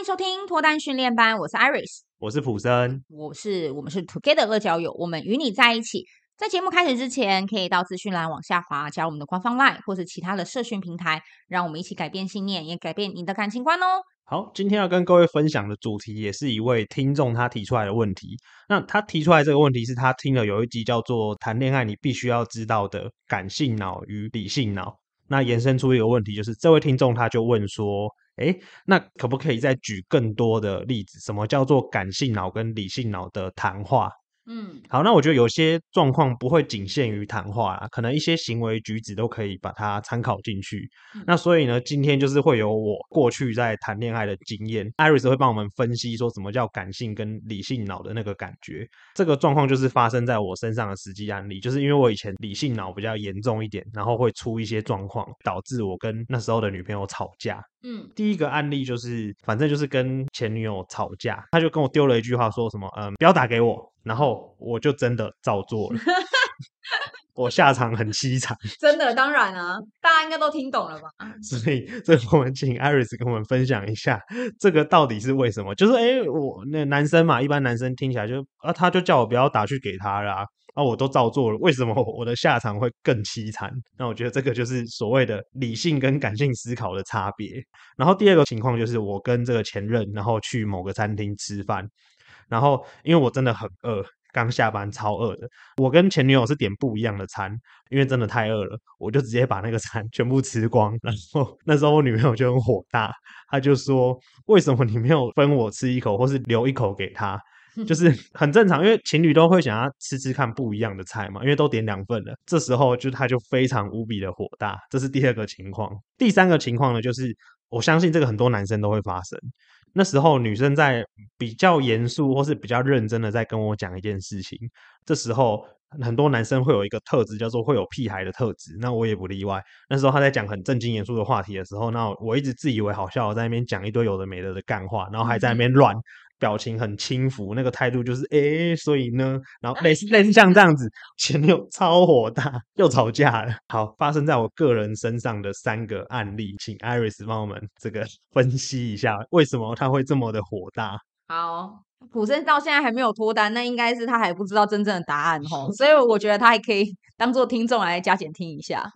歡迎收聽脫單訓練班，我是 Iris，我是普森，我是我們是 Together 樂交友，我們與你在一起。在節目開始之前，可以到資訊欄往下滑，加入我們的官方 LINE 或是其他的社群平台，讓我們一起改變信念，也改變你的感情觀哦。好，今天要跟各位分享的主題，也是一位聽眾他提出來的問題。那他提出來這個問題，是他聽了有一集叫做《談戀愛你必須要知道的感性腦與理性腦》，那延伸出一個問題，就是這位聽眾他就問說。誒，那可不可以再舉更多的例子？什麼叫做感性腦跟理性腦的談話？嗯，好，那我覺得有些狀況不會僅限於談話啊，可能一些行為舉止都可以把它參考進去。嗯、那所以呢，今天就是會有我過去在談戀愛的經驗，Iris 會幫我們分析說什麼叫感性跟理性腦的那個感覺。這個狀況就是發生在我身上的實際案例，就是因為我以前理性腦比較嚴重一點，然後會出一些狀況，導致我跟那時候的女朋友吵架。嗯，第一個案例就是，反正就是跟前女友吵架，他就跟我丟了一句話，說什麼，嗯，不要打給我，然後我就真的照做了， 我下場很淒慘， 真的，當然啊，大家應該都聽懂了吧？所以，所以，這個我們請 Iris 跟我們分享一下，這個到底是為什麼？就是，哎、欸，我那個、男生嘛，一般男生聽起來就，啊，他就叫我不要打去給他啦、啊。那我都照做了，為什麼我的下場會更淒慘？那我覺得這個就是所謂的理性跟感性思考的差別。然後第二個情況就是，我跟這個前任，然後去某個餐廳吃飯，然後因為我真的很餓，剛下班超餓的。我跟前女友是點不一樣的餐，因為真的太餓了，我就直接把那個餐全部吃光。然後那時候我女朋友就很火大，她就說：“為什麼你沒有分我吃一口，或是留一口給她？”就是很正常，因為情侶都會想要吃吃看不一樣的菜嘛，因為都點兩份了。這時候就他就非常無比的火大，這是第二個情況。第三個情況呢，就是我相信這個很多男生都會發生。那時候女生在比較嚴肅或是比較認真的在跟我講一件事情，這時候很多男生會有一個特質叫做會有屁孩的特質，那我也不例外。那時候他在講很正經嚴肅的話題的時候，那我一直自以為好笑，我在那邊講一堆有的沒的的幹話，然後還在那邊亂。嗯嗯表情很輕浮，那個態度就是哎、欸，所以呢，然後類似類似像這樣子，前女友超火大，又吵架了。好，發生在我個人身上的三個案例，請 Iris 幫我們這個分析一下，為什麼他會這麼的火大？好，普森到現在還沒有脫單，那應該是他還不知道真正的答案哈， 所以我覺得他還可以當做聽眾來加減聽一下。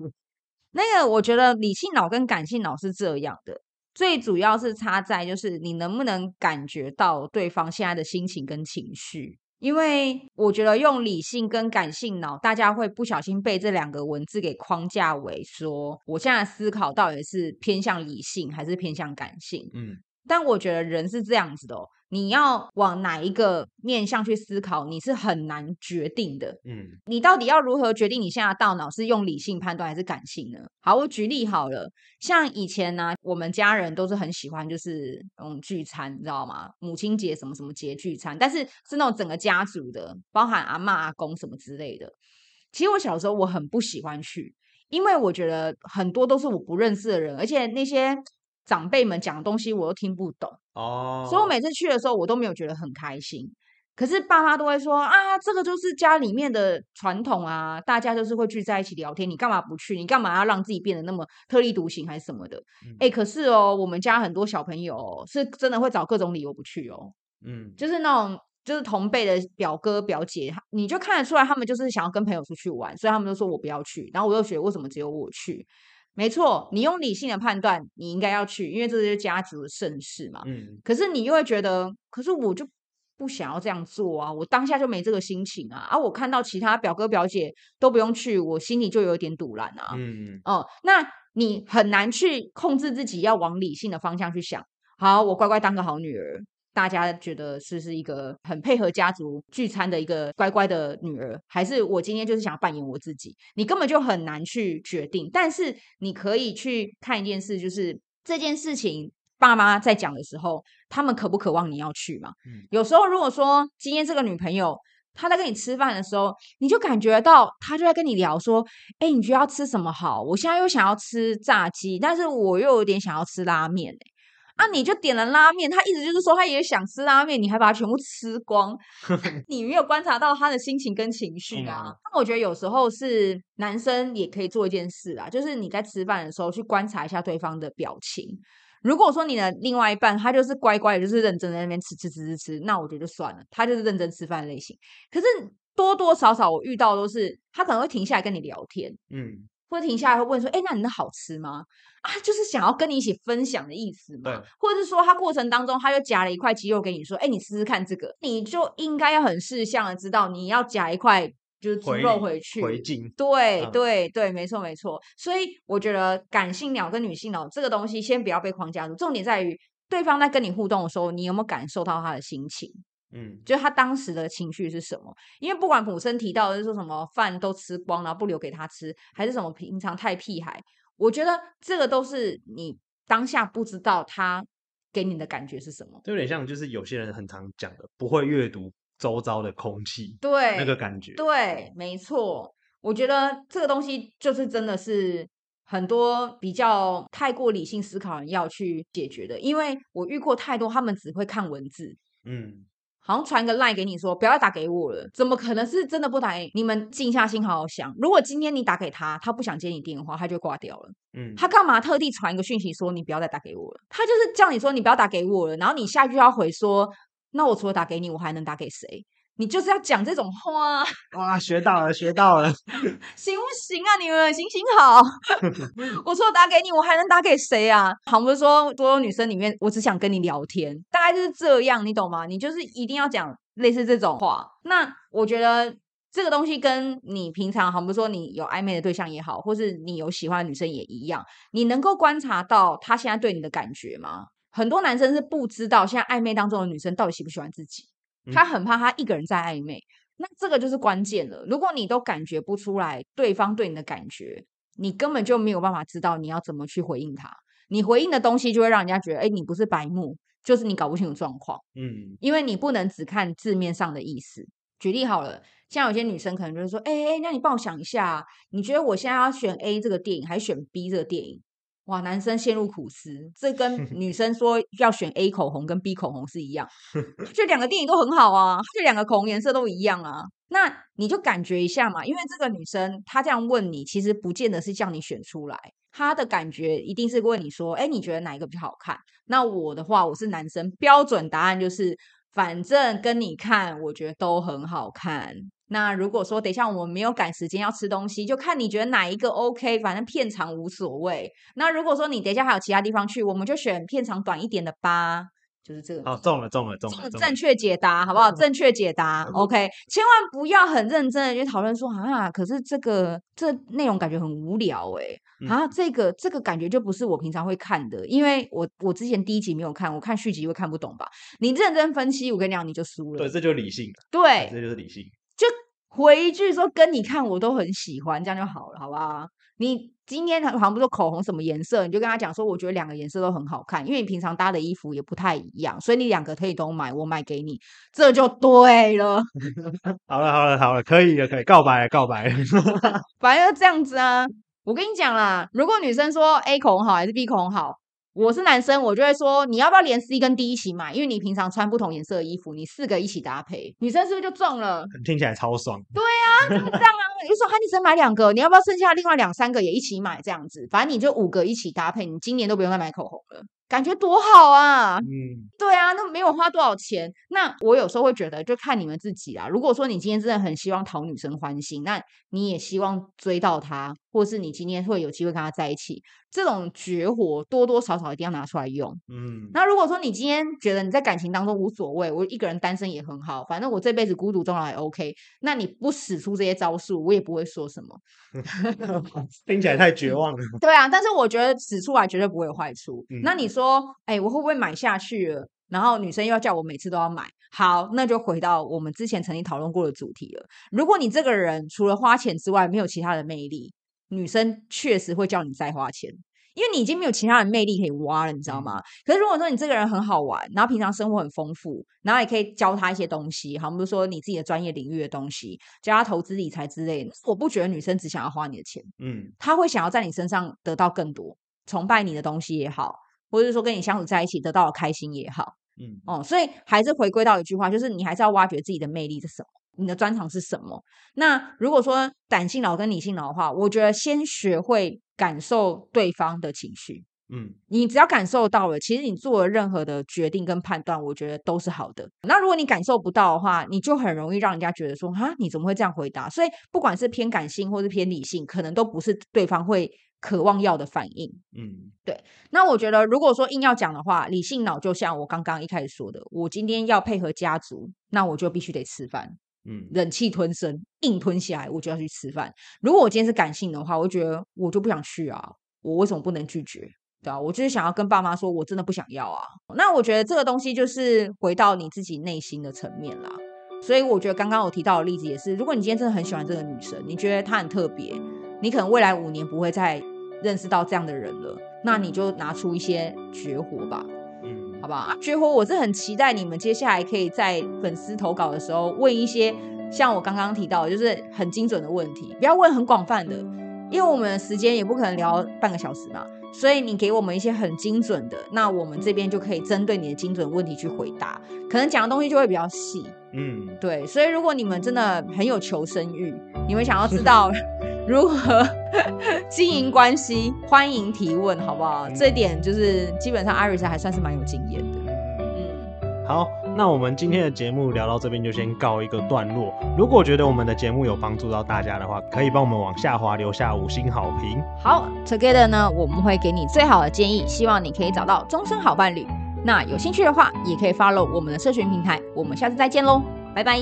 那個我覺得理性腦跟感性腦是這樣的。最主要是差在，就是你能不能感覺到對方現在的心情跟情緒，因為我覺得用理性跟感性腦，大家會不小心被這兩個文字給框架為說，我現在思考到底是偏向理性還是偏向感性。嗯。但我覺得人是這樣子的哦，你要往哪一個面向去思考，你是很難決定的。嗯，你到底要如何決定？你現在的大腦是用理性判斷還是感性呢？好，我舉例好了，像以前呢、啊，我們家人都是很喜歡就是嗯聚餐，你知道嗎？母親節什麼什麼節聚餐，但是是那種整個家族的，包含阿嬤阿公什麼之類的。其實我小時候我很不喜歡去，因為我覺得很多都是我不認識的人，而且那些。長輩們講的東西我都聽不懂，哦，oh. 所以我每次去的時候，我都沒有覺得很開心。可是爸媽都會說啊，這個就是家裡面的傳統啊，大家就是會聚在一起聊天，你幹嘛不去？你幹嘛要讓自己變得那麼特立獨行還是什麼的？哎、嗯欸，可是哦，我們家很多小朋友、哦、是真的會找各種理由不去哦，嗯，就是那種就是同輩的表哥表姐，你就看得出來他們就是想要跟朋友出去玩，所以他們都說我不要去，然後我又覺得為什麼只有我去？沒錯，你用理性的判斷，你應該要去，因為這是家族的盛事嘛。嗯，可是你又會覺得，可是我就不想要這樣做啊，我當下就沒這個心情啊。啊，我看到其他表哥表姐都不用去，我心裡就有點賭爛啊。嗯哦，嗯，那你很難去控制自己，要往理性的方向去想。好，我乖乖當個好女兒。大家覺得是不是一個很配合家族聚餐的一個乖乖的女兒，還是我今天就是想扮演我自己？你根本就很難去決定。但是你可以去看一件事，就是這件事情爸媽在講的時候，他們渴不渴望你要去嘛？嗯、有時候如果說今天這個女朋友她在跟你吃飯的時候，你就感覺到她就在跟你聊說：“哎、欸，你覺得要吃什麼好？我現在又想要吃炸雞，但是我又有點想要吃拉麵、欸。”啊！你就點了拉麵，他意思就是說他也想吃拉麵，你還把它全部吃光， 你沒有觀察到他的心情跟情緒啊。嗯、啊那我覺得有時候是男生也可以做一件事啊，就是你在吃飯的時候去觀察一下對方的表情。如果說你的另外一半他就是乖乖，就是認真在那邊吃吃吃吃吃，那我覺得就算了，他就是認真吃飯的類型。可是多多少少我遇到的都是他可能會停下來跟你聊天，嗯。會停下來會問說：“哎、欸，那你那好吃嗎？”啊，就是想要跟你一起分享的意思嘛。對或者是說他過程當中他又夾了一塊雞肉給你，說：“哎、欸，你試試看這個。”你就應該要很識相的知道，你要夾一塊就是豬肉回去回、回敬、啊、對對，沒錯沒錯。所以我覺得，感性腦跟理性腦，這個東西先不要被框架住。重點在於對方在跟你互動的時候，你有沒有感受到他的心情？嗯，就他當時的情緒是什麼？因為不管普森提到的是說什麼，飯都吃光了，然後不留給他吃，還是什麼平常太屁孩，我覺得這個都是你當下不知道他給你的感覺是什麼。就有點像，就是有些人很常講的，不會閱讀周遭的空氣，對那個感覺，對，沒錯。我覺得這個東西就是真的是很多比較太過理性思考人要去解決的，因為我遇過太多，他們只會看文字，嗯。好像傳個賴給你說，不要再打給我了，怎麼可能是真的不打給你？你們靜下心好好想，如果今天你打給他，他不想接你電話，他就掛掉了。嗯，他幹嘛特地傳一個訊息說你不要再打給我了？他就是叫你說你不要打給我了，然後你下一句要回說，那我除了打給你，我還能打給誰？你就是要講這種話，哇！學到了，學到了，行不行啊？你們行行好， 我除了打給你，我還能打給誰啊？好，比如說所有女生裡面，我只想跟你聊天，大概就是這樣，你懂嗎？你就是一定要講類似這種話。那我覺得這個東西跟你平常，好比如說你有曖昧的對象也好，或是你有喜歡的女生也一樣，你能夠觀察到他現在對你的感覺嗎？很多男生是不知道現在曖昧當中的女生到底喜不喜歡自己。他很怕他一個人在曖昧，嗯、那這個就是關鍵了。如果你都感覺不出來對方對你的感覺，你根本就沒有辦法知道你要怎麼去回應他。你回應的東西就會讓人家覺得，哎、欸，你不是白目，就是你搞不清楚狀況。嗯，因為你不能只看字面上的意思。舉例好了，像有些女生可能就是說，哎、欸、哎，那你幫我想一下，你覺得我現在要選 A 這個電影，還是選 B 這個電影？哇，男生陷入苦思，這跟女生說要選 A 口紅跟 B 口紅是一樣，這兩個電影都很好啊，這兩個口紅顏色都一樣啊。那你就感覺一下嘛，因為這個女生她這樣問你，其實不見得是叫你選出來，她的感覺一定是問你說，誒，你覺得哪一個比較好看？那我的話，我是男生，標準答案就是，反正跟你看，我覺得都很好看。那如果說等一下我們沒有趕時間要吃東西，就看你覺得哪一個 OK，反正片長無所謂。那如果說你等一下還有其他地方去，我們就選片長短一點的吧。就是這個，哦，中了，中了，中了，中了，正確解答，好不好？ 正確解答 ，OK，千萬不要很認真的去討論說啊，可是這個這內容感覺很無聊哎、欸嗯、啊，這個這個感覺就不是我平常會看的，因為我我之前第一集沒有看，我看續集會看不懂吧？你認真分析，我跟你講，你就輸了。對，這就是理性，對，這就是理性。回一句說跟你看，我都很喜歡，這樣就好了，好吧？你今天好像不說口紅什麼顏色，你就跟他講說，我覺得兩個顏色都很好看，因為你平常搭的衣服也不太一樣，所以你兩個可以都買，我買給你，這就對了。 好了好了好了，可以了，可以告白了告白。反 正這樣子啊。我跟你講啦，如果女生說 A 口紅好還是 B 口紅好？我是男生，我就會說，你要不要連 C 跟 D 一起買，因為你平常穿不同顏色的衣服，你四個一起搭配，女生是不是就撞了？聽起來超爽。對啊，這樣啊， 你就說喊你只買兩個，你要不要剩下另外兩三個也一起買這樣子？反正你就五個一起搭配，你今年都不用再買口紅了。感覺多好啊！嗯，對啊，那沒有花多少錢。那我有時候會覺得，就看你們自己啊。如果說你今天真的很希望討女生歡心，那你也希望追到她，或是你今天會有機會跟她在一起，這種絕活多多少少一定要拿出來用。嗯，那如果說你今天覺得你在感情當中無所謂，我一個人單身也很好，反正我這輩子孤獨終老也 OK，那你不使出這些招數，我也不會說什麼。 聽起來太絕望了。對啊，但是我覺得使出來絕對不會有壞處。嗯，那你。說，哎，欸，我會不會買下去了？然後女生又要叫我每次都要買，好，那就回到我們之前曾經討論過的主題了。如果你這個人除了花錢之外沒有其他的魅力，女生確實會叫你再花錢，因為你已經沒有其他的魅力可以挖了，你知道嗎？嗯、可是如果說你這個人很好玩，然後平常生活很豐富，然後也可以教她一些東西，好，比如說你自己的專業領域的東西，教她投資理財之類的，我不覺得女生只想要花你的錢，嗯，她會想要在你身上得到更多，崇拜你的東西也好。或者說跟你相處在一起得到了開心也好，嗯哦、嗯，所以還是回歸到一句話，就是你還是要挖掘自己的魅力是什麼，你的專長是什麼。那如果說感性腦跟理性腦的話，我覺得先學會感受對方的情緒，嗯，你只要感受到了，其實你做了任何的決定跟判斷，我覺得都是好的。那如果你感受不到的話，你就很容易讓人家覺得說啊，你怎麼會這樣回答？所以不管是偏感性或是偏理性，可能都不是對方會。渴望要的反應，嗯，對。那我覺得，如果說硬要講的話，理性腦就像我剛剛一開始說的，我今天要配合家族，那我就必須得吃飯，嗯，忍氣吞聲，硬吞下來，我就要去吃飯。如果我今天是感性的話，我就覺得我就不想去啊，我為什麼不能拒絕？對啊，我就是想要跟爸媽說，我真的不想要啊。那我覺得這個東西就是回到你自己內心的層面啦。所以我覺得剛剛我提到的例子也是，如果你今天真的很喜歡這個女生，你覺得她很特別，你可能未來五年不會再。認識到這樣的人了，那你就拿出一些絕活吧。嗯，好吧，絕活、嗯、我是很期待你們接下來可以在粉絲投稿的時候問一些像我剛剛提到的，就是很精準的問題，不要問很廣泛的，因為我們的時間也不可能聊半個小時嘛。所以你給我們一些很精準的，那我們這邊就可以針對你的精準的問題去回答，可能講的東西就會比較細。嗯，對。所以如果你們真的很有求生欲，你們想要知道呵呵。如何 經營關係？嗯、歡迎提問，好不好？嗯、這點就是基本上 Iris 還算是蠻有經驗的。嗯，好，那我們今天的節目聊到這邊就先告一個段落。如果覺得我們的節目有幫助到大家的話，可以幫我們往下滑留下五星好評。好吧，Together 呢，我們會給你最好的建議，希望你可以找到終身好伴侶。那有興趣的話，也可以 follow 我們的社群平台。我們下次再見嘍，拜拜。